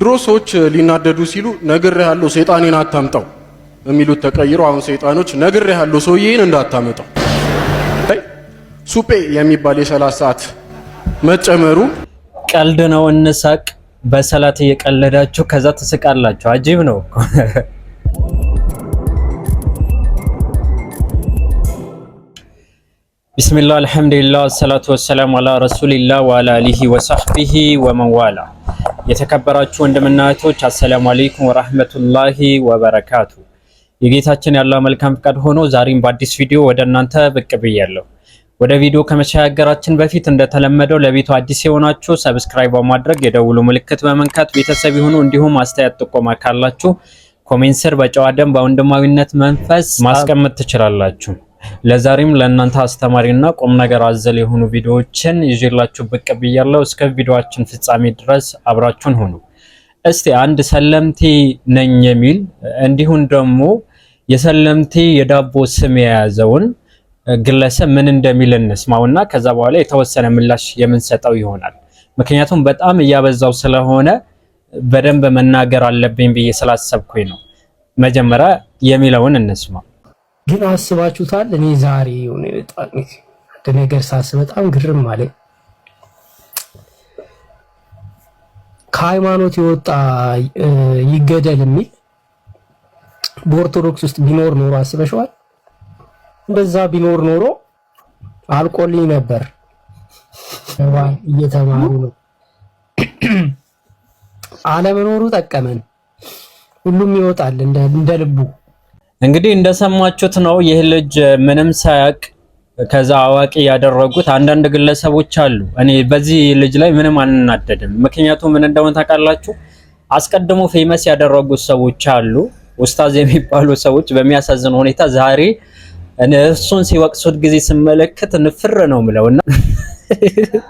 ድሮ ሰዎች ሊናደዱ ሲሉ ነግር ያለው ሰይጣኔን አታምጣው የሚሉት ተቀይሮ አሁን ሰይጣኖች ነግር ያለው ሰውዬን እንዳታመጣው ሱጴ የሚባል የሰላት ሰዓት መጨመሩ ቀልድ ነው፣ እንሳቅ። በሰላት እየቀለዳችሁ ከዛ ትስቃላችሁ። አጂብ ነው። ቢስሚላ አልሐምዱሊላህ ሰላቱ ወሰላም አላ ረሱሊላህ ወአላ አሊሂ ወሰህቢሂ ወመንዋላ የተከበራችሁ ወንድምና እህቶች አሰላሙ አለይኩም ወራህመቱላሂ ወበረካቱ። የጌታችን ያለው መልካም ፍቃድ ሆኖ ዛሬም በአዲስ ቪዲዮ ወደ እናንተ ብቅ ብያለሁ። ወደ ቪዲዮ ከመሸጋገራችን በፊት እንደተለመደው ለቤቱ አዲስ የሆናችሁ ሰብስክራይብ በማድረግ የደውሉ ምልክት በመንካት ቤተሰብ ይሁኑ። እንዲሁም አስተያየት ጥቆማ ካላችሁ ኮሜንት ስር በጨዋ ደም በወንድማዊነት መንፈስ ማስቀመጥ ትችላላችሁ። ለዛሬም ለእናንተ አስተማሪና ቁም ነገር አዘል የሆኑ ቪዲዮዎችን ይዤላችሁ ብቅ ብያለሁ። እስከ ቪዲዮአችን ፍጻሜ ድረስ አብራችሁን ሆኑ። እስቲ አንድ ሰለምቴ ነኝ የሚል እንዲሁም ደግሞ የሰለምቴ የዳቦ ስም የያዘውን ግለሰብ ምን እንደሚል እንስማውና ከዛ በኋላ የተወሰነ ምላሽ የምንሰጠው ይሆናል። ምክንያቱም በጣም እያበዛው ስለሆነ በደንብ መናገር አለብኝ ብዬ ስላሰብኩኝ ነው። መጀመሪያ የሚለውን እንስማው። ግን አስባችሁታል? እኔ ዛሬ የሆነ በጣም አንድ ነገር ሳስብ በጣም ግርም አለ። ከሃይማኖት የወጣ ይገደል የሚል በኦርቶዶክስ ውስጥ ቢኖር ኖሮ አስበሽዋል? እንደዛ ቢኖር ኖሮ አልቆልኝ ነበር። እየተማሩ ነው። አለመኖሩ ጠቀመን። ሁሉም ይወጣል እንደ ልቡ እንግዲህ እንደሰማችሁት ነው። ይህ ልጅ ምንም ሳያውቅ ከዛ አዋቂ ያደረጉት አንዳንድ ግለሰቦች አሉ። እኔ በዚህ ልጅ ላይ ምንም አንናደድም። ምክንያቱም ምን እንደሆነ ታውቃላችሁ? አስቀድሞ ፌመስ ያደረጉት ሰዎች አሉ። ኡስታዝ የሚባሉ ሰዎች በሚያሳዝን ሁኔታ ዛሬ እሱን ሲወቅሱት ጊዜ ስመለከት ንፍር ነው ምለውና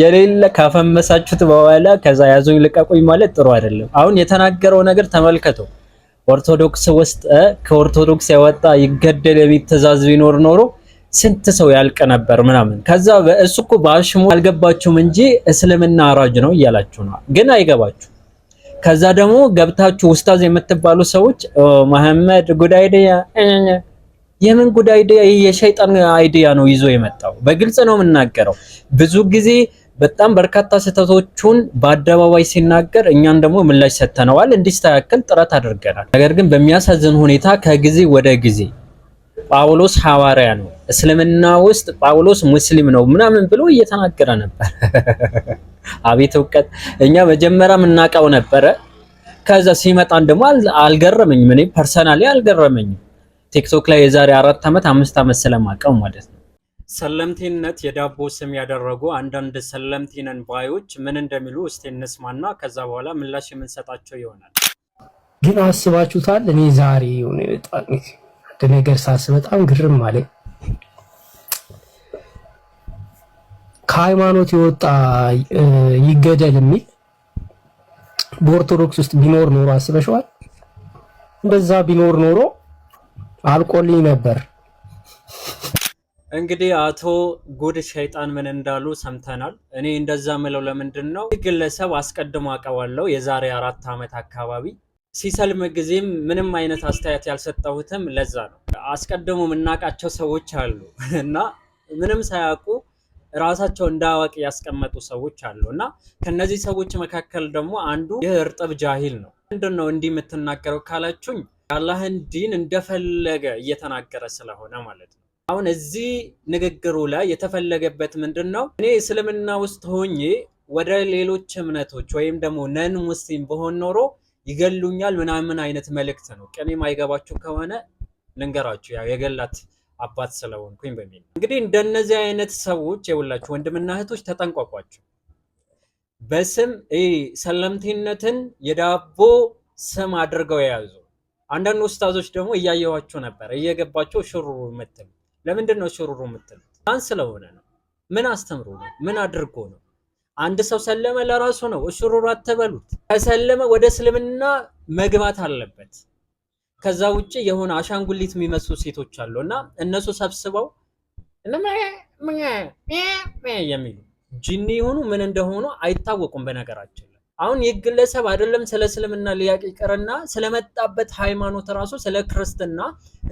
የሌለ ካፈመሳችሁት በኋላ ከዛ ያዙኝ ልቀቁኝ ማለት ጥሩ አይደለም። አሁን የተናገረው ነገር ተመልከተው። ኦርቶዶክስ ውስጥ ከኦርቶዶክስ ያወጣ ይገደል የሚል ትእዛዝ ቢኖር ኖሮ ስንት ሰው ያልቅ ነበር ምናምን። ከዛ እሱ እኮ በአሽሙ አልገባችሁም እንጂ እስልምና አራጅ ነው እያላችሁ ነው፣ ግን አይገባችሁ። ከዛ ደግሞ ገብታችሁ ውስታዝ የምትባሉ ሰዎች መሐመድ ጉድ አይዲያ፣ የምን ጉድ አይዲያ? የሸይጣን አይዲያ ነው ይዞ የመጣው። በግልጽ ነው የምናገረው ብዙ ጊዜ በጣም በርካታ ስህተቶቹን በአደባባይ ሲናገር እኛን ደግሞ ምላሽ ሰጥተነዋል፣ እንዲስተካከል ጥረት አድርገናል። ነገር ግን በሚያሳዝን ሁኔታ ከጊዜ ወደ ጊዜ ጳውሎስ ሐዋርያ ነው፣ እስልምና ውስጥ ጳውሎስ ሙስሊም ነው ምናምን ብሎ እየተናገረ ነበር። አቤት እውቀት! እኛ መጀመሪያ የምናውቀው ነበረ። ከዛ ሲመጣን ደግሞ አልገረመኝም፣ እኔ ፐርሰናሊ አልገረመኝም። ቲክቶክ ላይ የዛሬ አራት ዓመት አምስት ዓመት ስለማውቀው ማለት ነው። ሰለምቴነት የዳቦ ስም ያደረጉ አንዳንድ ሰለምቴ ባዮች ምን እንደሚሉ እስቲ እንስማና ከዛ በኋላ ምላሽ የምንሰጣቸው ይሆናል። ግን አስባችሁታል? እኔ ዛሬ የሆነ አንድ ነገር ሳስብ በጣም ግርም አለ። ከሃይማኖት የወጣ ይገደል የሚል በኦርቶዶክስ ውስጥ ቢኖር ኖሮ አስበሽዋል? እንደዛ ቢኖር ኖሮ አልቆልኝ ነበር። እንግዲህ አቶ ጉድ ሸይጣን ምን እንዳሉ ሰምተናል። እኔ እንደዛ ምለው ለምንድን ነው ይህ ግለሰብ አስቀድሞ አውቀዋለሁ። የዛሬ አራት ዓመት አካባቢ ሲሰልም ጊዜም ምንም አይነት አስተያየት ያልሰጠሁትም ለዛ ነው። አስቀድሞ የምናውቃቸው ሰዎች አሉ እና ምንም ሳያውቁ ራሳቸው እንደ አዋቂ ያስቀመጡ ሰዎች አሉ እና ከነዚህ ሰዎች መካከል ደግሞ አንዱ ይህ እርጥብ ጃሂል ነው። ምንድን ነው እንዲህ የምትናገረው ካላችሁኝ፣ የአላህን ዲን እንደፈለገ እየተናገረ ስለሆነ ማለት ነው አሁን እዚህ ንግግሩ ላይ የተፈለገበት ምንድን ነው? እኔ እስልምና ውስጥ ሆኜ ወደ ሌሎች እምነቶች ወይም ደግሞ ነን ሙስሊም በሆን ኖሮ ይገሉኛል ምናምን አይነት መልእክት ነው። ቅኔ ማይገባችሁ ከሆነ ልንገራችሁ፣ ያው የገላት አባት ስለሆንኩኝ በሚል እንግዲህ እንደነዚህ አይነት ሰዎች የውላችሁ ወንድምና እህቶች ተጠንቋቋችሁ። በስም ሰለምቴነትን የዳቦ ስም አድርገው የያዙ አንዳንድ ውስታዞች ደግሞ እያየኋቸው ነበር፣ እየገባቸው ሽሩ ምትል ለምንድን ነው ሽሩሩ የምትሉት? ዳን ስለሆነ ነው። ምን አስተምሮ ነው? ምን አድርጎ ነው? አንድ ሰው ሰለመ ለራሱ ነው። ሽሩሩ አትበሉት። ከሰለመ ወደ እስልምና መግባት አለበት። ከዛ ውጭ የሆነ አሻንጉሊት የሚመስሉ ሴቶች አሉ እና እነሱ ሰብስበው የሚሉ ጂኒ የሆኑ ምን እንደሆኑ አይታወቁም። በነገራችን ላይ አሁን ይህ ግለሰብ አይደለም ስለ እስልምና ሊያቅ ይቅርና ስለመጣበት ሃይማኖት ራሱ ስለ ክርስትና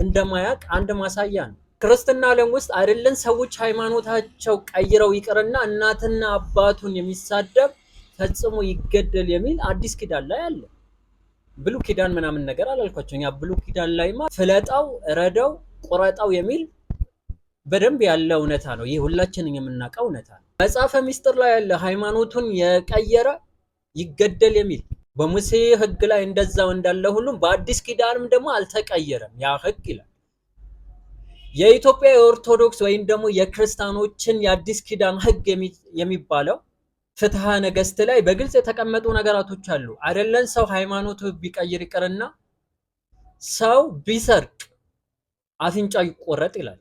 እንደማያቅ አንድ ማሳያ ነው። ክርስትና ዓለም ውስጥ አይደለን ሰዎች ሃይማኖታቸው ቀይረው ይቅርና እናትና አባቱን የሚሳደብ ፈጽሞ ይገደል የሚል አዲስ ኪዳን ላይ አለ። ብሉ ኪዳን ምናምን ነገር አላልኳቸው። ያ ብሉ ኪዳን ላይማ ፍለጣው፣ ረደው፣ ቁረጠው የሚል በደንብ ያለ እውነታ ነው። ይህ ሁላችንን የምናውቀው እውነታ ነው። መጽሐፈ ሚስጥር ላይ ያለ ሃይማኖቱን የቀየረ ይገደል የሚል በሙሴ ሕግ ላይ እንደዛው እንዳለ ሁሉም በአዲስ ኪዳንም ደግሞ አልተቀየረም ያ ሕግ ይላል። የኢትዮጵያ የኦርቶዶክስ ወይም ደግሞ የክርስቲያኖችን የአዲስ ኪዳን ህግ የሚባለው ፍትሐ ነገስት ላይ በግልጽ የተቀመጡ ነገራቶች አሉ። አይደለን ሰው ሃይማኖቱ ቢቀይር ይቅርና ሰው ቢሰርቅ አፍንጫ ይቆረጥ ይላል።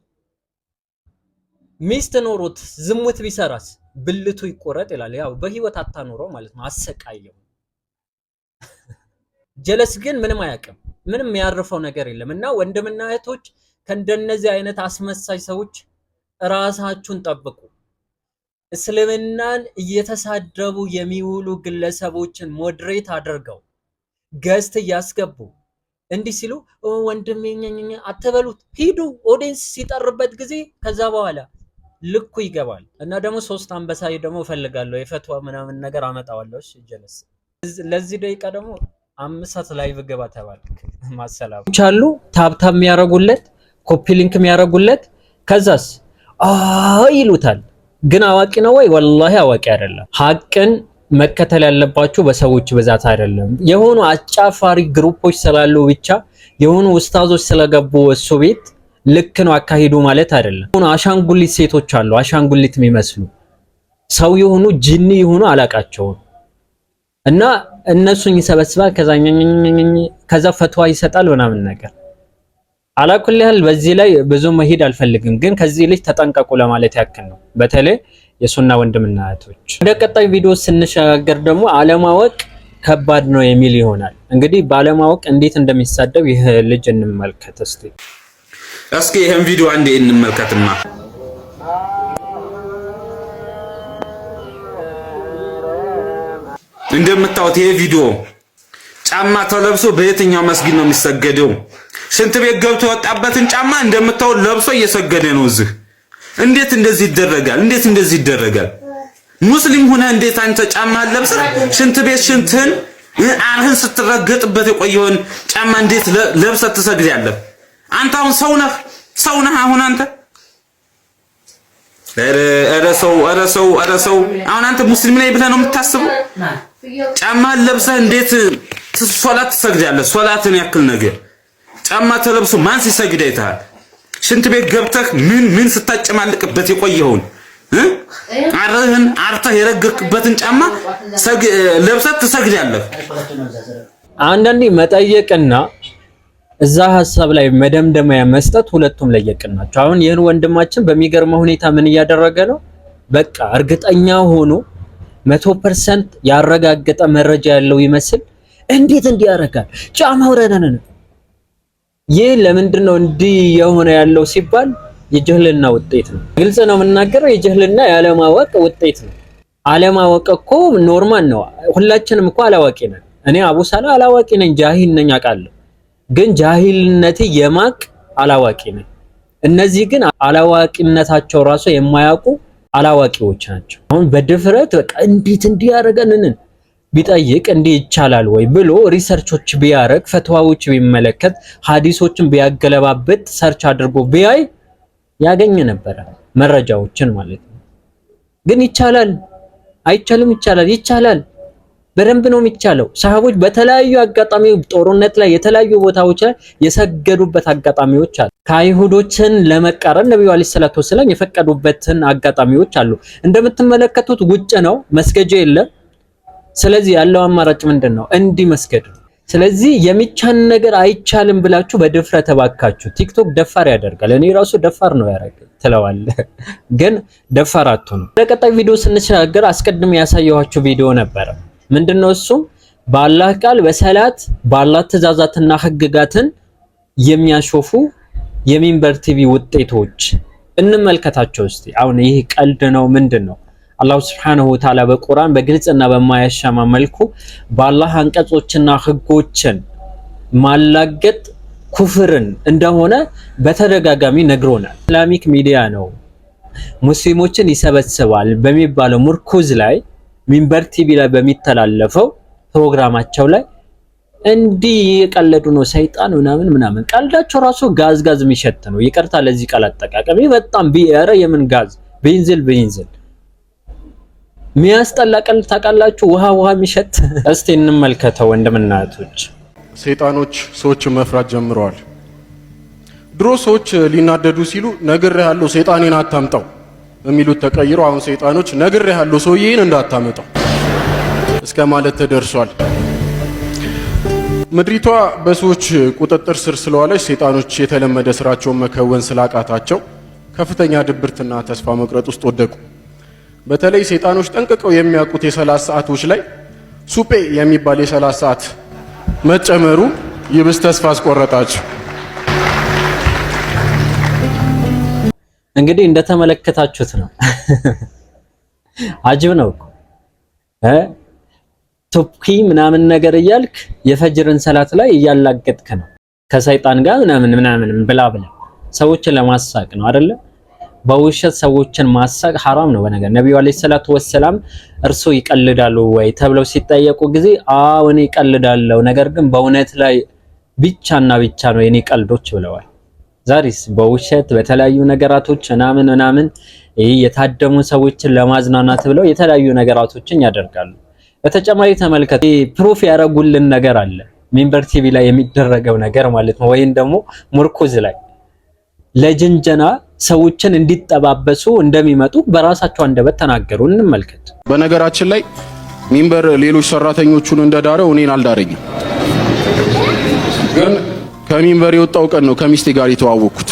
ሚስት ኖሮት ዝሙት ቢሰራስ ብልቱ ይቆረጥ ይላል። ያው በህይወት አታኖረው ማለት ነው። አሰቃየው። ጀለስ ግን ምንም አያውቅም። ምንም የሚያርፈው ነገር የለም እና ወንድምና እህቶች ከእንደነዚህ አይነት አስመሳይ ሰዎች ራሳችሁን ጠብቁ። እስልምናን እየተሳደቡ የሚውሉ ግለሰቦችን ሞድሬት አድርገው ገዝት እያስገቡ እንዲህ ሲሉ ወንድሜ አትበሉት፣ ሂዱ። ኦዲንስ ሲጠርበት ጊዜ ከዛ በኋላ ልኩ ይገባል። እና ደግሞ ሶስት አንበሳ ደግሞ እፈልጋለሁ የፈትዋ ምናምን ነገር አመጣዋለሁ። ጀለስ ለዚህ ደቂቃ ደግሞ አምሳት ላይ ብገባ ተባልክ ማሰላም ቻሉ ታብታብ የሚያደርጉለት ኮፒ ሊንክ የሚያደርጉለት ከዛስ ይሉታል። ግን አዋቂ ነው ወይ? ወላሂ አዋቂ አይደለም። ሀቅን መከተል ያለባችሁ በሰዎች ብዛት አይደለም። የሆኑ አጫፋሪ ግሩፖች ስላሉ ብቻ የሆኑ ውስታዞች ስለገቡ እሱ ቤት ልክ ነው አካሂዱ ማለት አይደለም። ሆኖ አሻንጉሊት ሴቶች አሉ፣ አሻንጉሊት የሚመስሉ ሰው የሆኑ ጅኒ የሆኑ አላቃቸውም። እና እነሱን ይሰበስባል፣ ከዛ ፈትዋ ይሰጣል ምናምን ነገር አላኩል ያህል በዚህ ላይ ብዙ መሄድ አልፈልግም፣ ግን ከዚህ ልጅ ተጠንቀቁ ለማለት ያክል ነው። በተለይ የሱና ወንድምና እህቶች። ወደ ቀጣይ ቪዲዮ ስንሸጋገር ደግሞ አለማወቅ ከባድ ነው የሚል ይሆናል። እንግዲህ ባለማወቅ እንዴት እንደሚሳደብ ይህ ልጅ እንመልከት እስቲ። እስኪ ይህን ቪዲዮ አንዴ እንመልከትማ። እንደምታዩት ይሄ ቪዲዮ ጫማ ተለብሶ በየትኛው መስጊድ ነው የሚሰገደው? ሽንት ቤት ገብቶ የወጣበትን ጫማ እንደምታው ለብሶ እየሰገደ ነው። እዚህ እንዴት እንደዚህ ይደረጋል? እንዴት እንደዚህ ይደረጋል? ሙስሊም ሆነ እንዴት አንተ ጫማ ለብሰ ሽንት ቤት ሽንትን አንህን ስትረገጥበት የቆየውን ጫማ እንዴት ለብሰ ትሰግዳለህ? አንተ አሁን ሰው ነህ፣ ሰው ነህ አሁን አንተ ኧረ ሰው ኧረ ሰው ኧረ ሰው አሁን አንተ ሙስሊም ላይ ብለህ ነው የምታስበው? ጫማ ለብሰህ እንዴት ሶላት ትሰግዳለህ? ሶላትን ያክል ነገር ጫማ ተለብሶ ማን ሲሰግድ አይተሃል? ሽንት ቤት ገብተህ ምን ምን ስታጨማልቅበት የቆየውን አረህን አርተህ የረገክበትን ጫማ ለብሰህ ትሰግዳለህ። አንዳንዴ መጠየቅና እዛ ሀሳብ ላይ መደምደሚያ መስጠት ሁለቱም ለየቅን ናቸው። አሁን ይህን ወንድማችን በሚገርመ ሁኔታ ምን እያደረገ ነው? በቃ እርግጠኛ ሆኖ መቶ ፐርሰንት ያረጋገጠ መረጃ ያለው ይመስል እንዴት እንዲያረጋል ጫማው ረነነ ይህ ለምንድን ነው እንዲህ የሆነ ያለው ሲባል የጀህልና ውጤት ነው። ግልጽ ነው የምናገረው፣ የጀህልና የአለማወቅ ውጤት ነው። አለማወቅ እኮ ኖርማል ነው። ሁላችንም እኮ አላዋቂ ነን። እኔ አቡሳላ አላዋቂ ነኝ፣ ጃሂል ነኝ አውቃለሁ። ግን ጃሂልነት የማቅ አላዋቂ ነኝ። እነዚህ ግን አላዋቂነታቸው ራሱ የማያውቁ አላዋቂዎች ናቸው። አሁን በድፍረት በቃ እንዴት እንዲህ ቢጠይቅ እንዲህ ይቻላል ወይ ብሎ ሪሰርቾች ቢያረግ ፈትዋዎች ቢመለከት ሀዲሶችን ቢያገለባብጥ ሰርች አድርጎ ቢያይ ያገኘ ነበረ መረጃዎችን ማለት ነው። ግን ይቻላል አይቻልም፣ ይቻላል ይቻላል፣ በደንብ ነው የሚቻለው። ሰሃቦች በተለያዩ አጋጣሚ ጦርነት ላይ የተለያዩ ቦታዎች ላይ የሰገዱበት አጋጣሚዎች አሉ። ከአይሁዶችን ለመቃረን ነቢዩ አለይሂ ሰላቱ ወሰለም የፈቀዱበትን አጋጣሚዎች አሉ። እንደምትመለከቱት ውጭ ነው፣ መስገጃ የለም። ስለዚህ ያለው አማራጭ ምንድን ነው? እንዲህ መስገድ ነው። ስለዚህ የሚቻን ነገር አይቻልም ብላችሁ በድፍረ ተባካችሁ። ቲክቶክ ደፋር ያደርጋል። እኔ ራሱ ደፋር ነው ያደረገኝ ትለዋለህ፣ ግን ደፋር አትሆኑ። ለቀጣይ ቪዲዮ ስንሸጋገር አስቀድም ያሳየኋችሁ ቪዲዮ ነበረ። ምንድነው እሱም በአላህ ቃል በሰላት በአላህ ትእዛዛትና ህግጋትን የሚያሾፉ የሚንበር ቲቪ ውጤቶች እንመልከታቸው እስቲ። አሁን ይህ ቀልድ ነው ምንድን ነው? አላሁ ስብሓነሁ ወተዓላ በቁርአን በግልጽና በማያሻማ መልኩ በአላህ አንቀጾችና ህጎችን ማላገጥ ኩፍርን እንደሆነ በተደጋጋሚ ነግሮናል። ኢስላሚክ ሚዲያ ነው ሙስሊሞችን ይሰበስባል በሚባለው ምርኩዝ ላይ ሚንበር ቲቪ ላይ በሚተላለፈው ፕሮግራማቸው ላይ እንዲህ የቀለዱ ነው ሰይጣን ምናምን ምናምን። ቀልዳቸው ራሱ ጋዝ ጋዝ የሚሸት ነው። ይቅርታ ለዚህ ቃል አጠቃቀሚ በጣም ቢያረ የምን ጋዝ ቤንዝል ቤንዝል ሚያስጠላ ቀልድ ታውቃላችሁ? ውሃ ውሃ የሚሸት እስቲ እንመልከተው። ወንድምና እህቶች፣ ሰይጣኖች ሰዎችን መፍራት ጀምረዋል። ድሮ ሰዎች ሊናደዱ ሲሉ ያለው ሰይጣኔን አታምጣው የሚሉት ተቀይሮ አሁን ሰይጣኖች ነግሬሃለሁ ሰውዬን እንዳታመጣው እስከ ማለት ተደርሷል። ምድሪቷ በሰዎች ቁጥጥር ስር ስለዋለች ሰይጣኖች የተለመደ ስራቸውን መከወን ስላቃታቸው ከፍተኛ ድብርትና ተስፋ መቁረጥ ውስጥ ወደቁ። በተለይ ሰይጣኖች ጠንቅቀው የሚያውቁት የሰላት ሰዓቶች ላይ ሱጴ የሚባል የሰላት ሰዓት መጨመሩ ይብስ ተስፋ አስቆረጣቸው። እንግዲህ እንደተመለከታችሁት ነው። አጅብ ነው እኮ እ ቱብኪ ምናምን ነገር እያልክ የፈጅርን ሰላት ላይ እያላገጥክ ነው ከሰይጣን ጋር ምናምን ምናምን ብላ ብላ ሰዎችን ለማሳቅ ነው አይደለም በውሸት ሰዎችን ማሳቅ ሐራም ነው። በነገር ነቢዩ አለይሂ ሰላቱ ወሰላም እርሶ ይቀልዳሉ ወይ ተብለው ሲጠየቁ ጊዜ አዎ እኔ ይቀልዳለሁ፣ ነገር ግን በእውነት ላይ ብቻና ብቻ ነው የኔ ቀልዶች ብለዋል። ዛሬስ በውሸት በተለያዩ ነገራቶች ምናምን ምናምን የታደሙ ሰዎችን ለማዝናናት ብለው የተለያዩ ነገራቶችን ያደርጋሉ። በተጨማሪ ተመልከት፣ ፕሩፍ ያደረጉልን ነገር አለ ሚንበር ቲቪ ላይ የሚደረገው ነገር ማለት ነው ወይም ደግሞ ሙርኩዝ ላይ ለጅንጀና ሰዎችን እንዲጠባበሱ እንደሚመጡ በራሳቸው አንደበት ተናገሩ። እንመልከት። በነገራችን ላይ ሚንበር ሌሎች ሰራተኞቹን እንደዳረው እኔን አልዳረኝም። ግን ከሚንበር የወጣው ቀን ነው ከሚስቴ ጋር የተዋወቅኩት።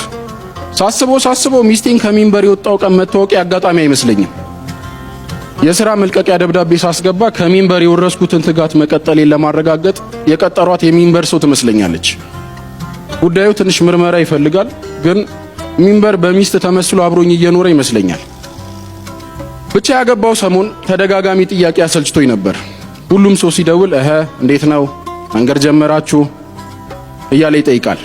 ሳስበው ሳስበው ሚስቴን ከሚንበር የወጣው ቀን መታወቂያ አጋጣሚ አይመስለኝም። የስራ መልቀቂያ ደብዳቤ ሳስገባ ከሚንበር የወረስኩትን ትጋት መቀጠሌን ለማረጋገጥ የቀጠሯት የሚንበር ሰው ትመስለኛለች። ጉዳዩ ትንሽ ምርመራ ይፈልጋል ግን ሚንበር በሚስት ተመስሎ አብሮኝ እየኖረ ይመስለኛል። ብቻ ያገባው ሰሞን ተደጋጋሚ ጥያቄ አሰልችቶኝ ነበር። ሁሉም ሰው ሲደውል እህ እንዴት ነው መንገድ ጀመራችሁ እያለ ይጠይቃል።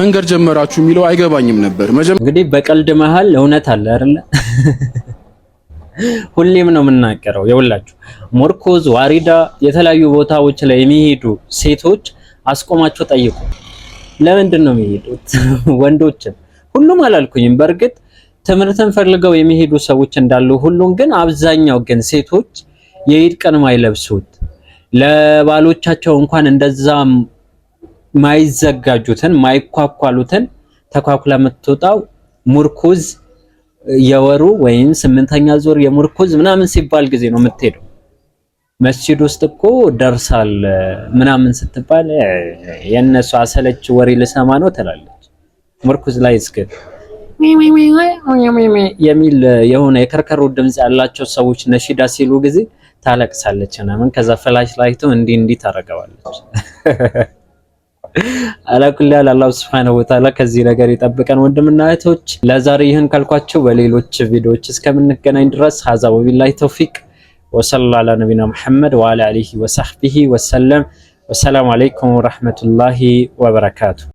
መንገድ ጀመራችሁ የሚለው አይገባኝም ነበር። እንግዲህ በቀልድ መሀል እውነት አለ አይደለ? ሁሌም ነው የምናገረው። የውላችሁ ሞርኮዝ፣ ዋሪዳ የተለያዩ ቦታዎች ላይ የሚሄዱ ሴቶች አስቆማቸው ጠይቁ። ለምንድን ነው የሚሄዱት? ወንዶችም ሁሉም አላልኩኝም። በእርግጥ ትምህርትን ፈልገው የሚሄዱ ሰዎች እንዳሉ ሁሉም ግን አብዛኛው ግን ሴቶች የኢድ ቀን ማይለብሱት ለባሎቻቸው እንኳን እንደዛ ማይዘጋጁትን ማይኳኳሉትን ተኳኩላ የምትወጣው ሙርኩዝ የወሩ ወይም ስምንተኛ ዙር የሙርኩዝ ምናምን ሲባል ጊዜ ነው የምትሄደው። መስጂድ ውስጥ እኮ ደርሳል ምናምን ስትባል የእነሱ አሰለች ወሬ ልሰማ ነው ትላለች። ምርኩዝ ላይ እስከ የሚል የሆነ የከርከሮ ድምጽ ያላቸው ሰዎች ነሺዳ ሲሉ ጊዜ ታለቅሳለች ምናምን። ከዛ ፍላሽ ላይቶ እንዲህ እንዲህ ታደርገዋለች። አላኩላ አላህ ሱብሓነሁ ወተዓላ ከዚህ ነገር የጠብቀን። ወንድምና እህቶች ለዛሬ ይህን ካልኳቸው በሌሎች ቪዲዮዎች እስከምንገናኝ ድረስ ሀዛ ወቢላሂ ተውፊቅ وصلى الله على نبينا محمد وعلى آله وصحبه وسلم والسلام عليكم ورحمة الله وبركاته